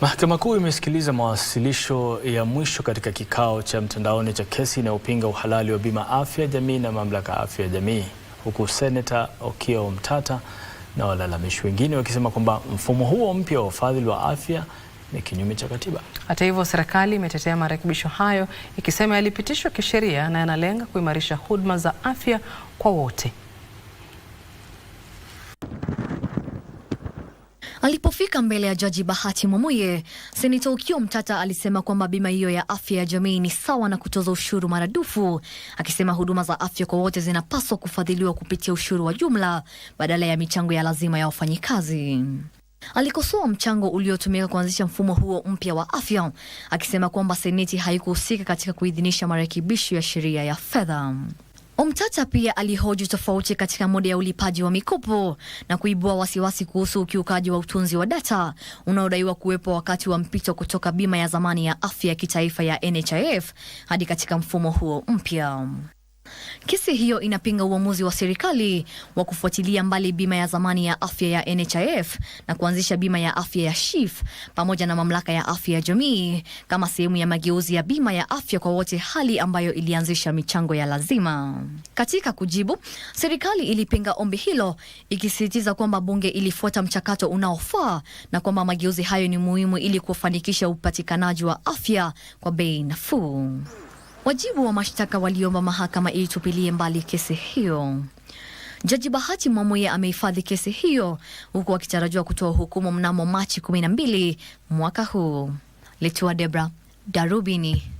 Mahakama Kuu imesikiliza mawasilisho ya mwisho katika kikao cha mtandaoni cha kesi inayopinga uhalali wa bima afya jamii na mamlaka afya ya jamii, huku Seneta Okiya Mtata na walalamishi wengine wakisema kwamba mfumo huo mpya wa ufadhili wa afya ni kinyume cha katiba. Hata hivyo, serikali imetetea marekebisho hayo ikisema yalipitishwa kisheria na yanalenga kuimarisha huduma za afya kwa wote. Alipofika mbele ya Jaji Bahati Mwamuye, Seneta ukio Mtata alisema kwamba bima hiyo ya afya ya jamii ni sawa na kutoza ushuru maradufu, akisema huduma za afya kwa wote zinapaswa kufadhiliwa kupitia ushuru wa jumla badala ya michango ya lazima ya wafanyikazi. Alikosoa mchango uliotumika kuanzisha mfumo huo mpya wa afya, akisema kwamba Seneti haikuhusika katika kuidhinisha marekebisho ya sheria ya fedha. Omtata pia alihoji tofauti katika moda ya ulipaji wa mikopo na kuibua wasiwasi kuhusu ukiukaji wa utunzi wa data unaodaiwa kuwepo wakati wa mpito kutoka bima ya zamani ya afya ya kitaifa ya NHIF hadi katika mfumo huo mpya. Kesi hiyo inapinga uamuzi wa serikali wa kufuatilia mbali bima ya zamani ya afya ya NHIF na kuanzisha bima ya afya ya SHIF pamoja na mamlaka ya afya ya jamii kama sehemu ya mageuzi ya bima ya afya kwa wote, hali ambayo ilianzisha michango ya lazima. Katika kujibu, serikali ilipinga ombi hilo ikisisitiza kwamba bunge ilifuata mchakato unaofaa na kwamba mageuzi hayo ni muhimu ili kufanikisha upatikanaji wa afya kwa bei nafuu. Wajibu wa mashtaka waliomba mahakama ilitupilie mbali kesi hiyo. Jaji Bahati Mwamuye amehifadhi kesi hiyo huku akitarajiwa kutoa hukumu mnamo Machi 12 mwaka huu. Litua Debra, Darubini.